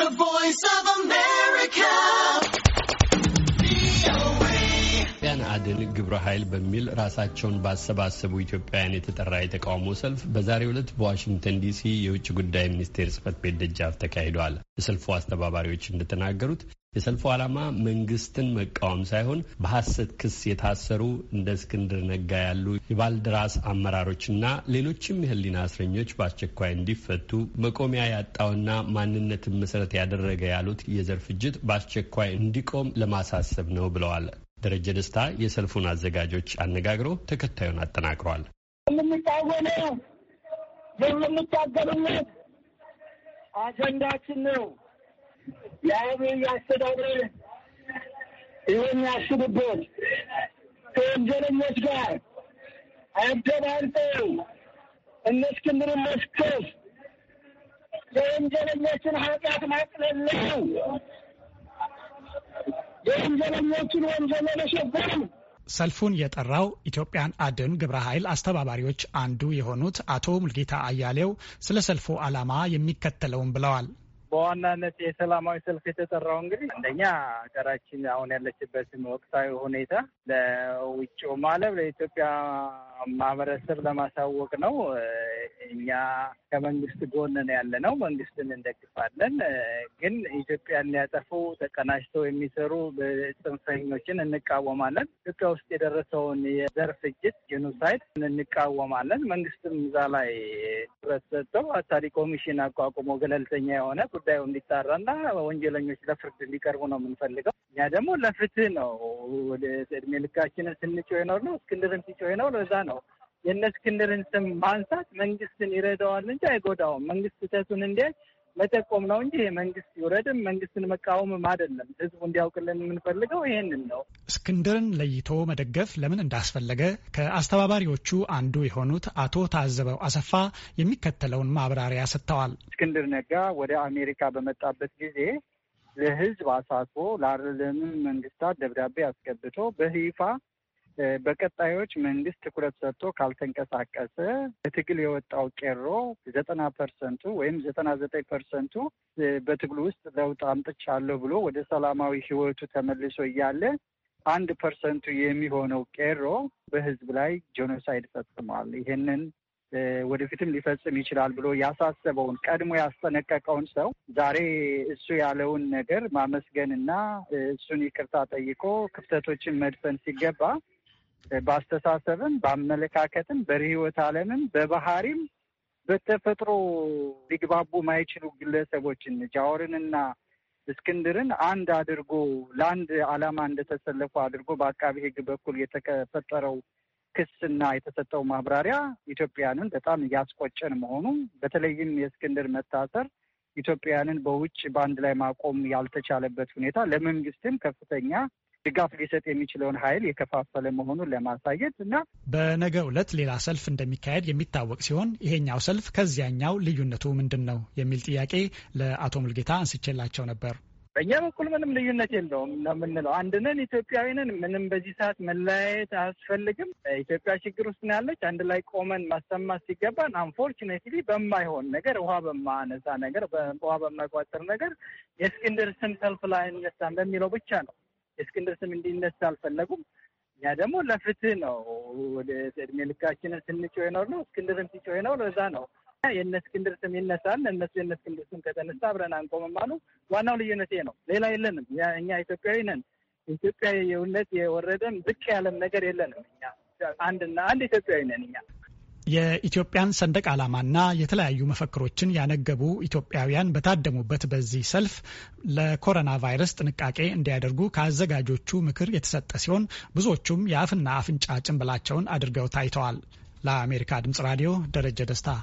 The Voice of America. ያን አድን ግብረ ኃይል በሚል ራሳቸውን ባሰባሰቡ ኢትዮጵያውያን የተጠራ የተቃውሞ ሰልፍ በዛሬው ዕለት በዋሽንግተን ዲሲ የውጭ ጉዳይ ሚኒስቴር ጽህፈት ቤት ደጃፍ ተካሂዷል። የሰልፉ አስተባባሪዎች እንደተናገሩት የሰልፉ ዓላማ መንግስትን መቃወም ሳይሆን በሐሰት ክስ የታሰሩ እንደ እስክንድር ነጋ ያሉ የባልደራስ አመራሮችና ሌሎችም የህሊና እስረኞች በአስቸኳይ እንዲፈቱ መቆሚያ ያጣውና ማንነትን መሰረት ያደረገ ያሉት የዘር ፍጅት በአስቸኳይ እንዲቆም ለማሳሰብ ነው ብለዋል። ደረጀ ደስታ የሰልፉን አዘጋጆች አነጋግሮ ተከታዩን አጠናቅሯል። የምንታወነው የምንታገልነት አጀንዳችን ነው። የአብይ አስተዳደር የሚያስቡበት ከወንጀለኞች ጋር አደባልጠው እነ እስክንድርን መስከስ የወንጀለኞችን ኃጢአት ማቅለለው የወንጀለኞችን ወንጀል ለመሸጎም ሰልፉን የጠራው ኢትዮጵያን አድን ግብረ ኃይል አስተባባሪዎች አንዱ የሆኑት አቶ ሙልጌታ አያሌው ስለ ሰልፉ ዓላማ የሚከተለውን ብለዋል። በዋናነት የሰላማዊ ሰልፍ የተጠራው እንግዲህ አንደኛ ሀገራችን አሁን ያለችበትን ወቅታዊ ሁኔታ ለውጭው ዓለም ለኢትዮጵያ ማህበረሰብ ለማሳወቅ ነው። እኛ ከመንግስት ጎንን ያለ ነው። መንግስትን እንደግፋለን። ግን ኢትዮጵያን ሊያጠፉ ተቀናጅተው የሚሰሩ ጽንፈኞችን እንቃወማለን። ኢትዮጵያ ውስጥ የደረሰውን የዘር ፍጅት ጄኖሳይድ እንቃወማለን። መንግስትም እዛ ላይ ትኩረት ሰጥተው አጣሪ ኮሚሽን አቋቁሞ ገለልተኛ የሆነ ጉዳዩ እንዲጣራና ወንጀለኞች ለፍርድ እንዲቀርቡ ነው የምንፈልገው። እኛ ደግሞ ለፍትህ ነው እድሜ ልካችንን ስንጮ የኖር ነው። እስክንድርን ሲጮ የኖር እዛ ነው። የእነ እስክንድርን ስም ማንሳት መንግስትን ይረዳዋል እንጂ አይጎዳውም። መንግስት ስህተቱን እንዲያይ መጠቆም ነው እንጂ መንግስት ይውረድም መንግስትን መቃወምም አይደለም። ህዝቡ እንዲያውቅልን የምንፈልገው ይሄንን ነው። እስክንድርን ለይቶ መደገፍ ለምን እንዳስፈለገ ከአስተባባሪዎቹ አንዱ የሆኑት አቶ ታዘበው አሰፋ የሚከተለውን ማብራሪያ ሰጥተዋል። እስክንድር ነጋ ወደ አሜሪካ በመጣበት ጊዜ ለህዝብ አሳትፎ ለዓለምም መንግስታት ደብዳቤ አስገብቶ በይፋ በቀጣዮች መንግስት ትኩረት ሰጥቶ ካልተንቀሳቀሰ በትግል የወጣው ቄሮ ዘጠና ፐርሰንቱ ወይም ዘጠና ዘጠኝ ፐርሰንቱ በትግሉ ውስጥ ለውጥ አምጥቻለሁ ብሎ ወደ ሰላማዊ ህይወቱ ተመልሶ እያለ አንድ ፐርሰንቱ የሚሆነው ቄሮ በህዝብ ላይ ጄኖሳይድ ፈጽሟል። ይህንን ወደፊትም ሊፈጽም ይችላል ብሎ ያሳሰበውን ቀድሞ ያስጠነቀቀውን ሰው ዛሬ እሱ ያለውን ነገር ማመስገንና እሱን ይቅርታ ጠይቆ ክፍተቶችን መድፈን ሲገባ በአስተሳሰብም፣ በአመለካከትም፣ በህይወት ዓለምም፣ በባህሪም በተፈጥሮ ሊግባቡ ማይችሉ ግለሰቦችን ጃወርንና እስክንድርን አንድ አድርጎ ለአንድ ዓላማ እንደተሰለፉ አድርጎ በአቃቢ ህግ በኩል የተፈጠረው ክስና የተሰጠው ማብራሪያ ኢትዮጵያንን በጣም እያስቆጨን መሆኑ በተለይም የእስክንድር መታሰር ኢትዮጵያንን በውጭ በአንድ ላይ ማቆም ያልተቻለበት ሁኔታ ለመንግስትም ከፍተኛ ድጋፍ ሊሰጥ የሚችለውን ኃይል የከፋፈለ መሆኑን ለማሳየት እና በነገ ዕለት ሌላ ሰልፍ እንደሚካሄድ የሚታወቅ ሲሆን ይሄኛው ሰልፍ ከዚያኛው ልዩነቱ ምንድን ነው የሚል ጥያቄ ለአቶ ሙልጌታ አንስቼላቸው ነበር። በእኛ በኩል ምንም ልዩነት የለውም ነው የምንለው። አንድነን ኢትዮጵያዊንን ምንም በዚህ ሰዓት መለያየት አያስፈልግም። ኢትዮጵያ ችግር ውስጥ ነው ያለች። አንድ ላይ ቆመን ማሰማት ሲገባን አንፎርችኔትሊ በማይሆን ነገር፣ ውሃ በማነሳ ነገር፣ ውሃ በማይቋጥር ነገር የእስክንድር ስም ሰልፍ ላይ እንነሳን በሚለው ብቻ ነው እስክንድር ስም እንዲነሳ አልፈለጉም። እኛ ደግሞ ለፍትህ ነው ወደ እድሜ ልካችንን ስንጮህ የኖር ነው። እስክንድርም ሲጮህ ነው። ለዛ ነው የእነ እስክንድር ስም ይነሳል። እነሱ የእነ እስክንድር ስም ከተነሳ አብረን አንቆምም አሉ። ዋናው ልዩነት ነው። ሌላ የለንም። እኛ ኢትዮጵያዊ ነን። ኢትዮጵያ የእውነት የወረደም ዝቅ ያለም ነገር የለንም። እኛ አንድና አንድ ኢትዮጵያዊ ነን እኛ የኢትዮጵያን ሰንደቅ ዓላማና የተለያዩ መፈክሮችን ያነገቡ ኢትዮጵያውያን በታደሙበት በዚህ ሰልፍ ለኮሮና ቫይረስ ጥንቃቄ እንዲያደርጉ ከአዘጋጆቹ ምክር የተሰጠ ሲሆን ብዙዎቹም የአፍና አፍንጫ ጭንብላቸውን አድርገው ታይተዋል። ለአሜሪካ ድምጽ ራዲዮ ደረጀ ደስታ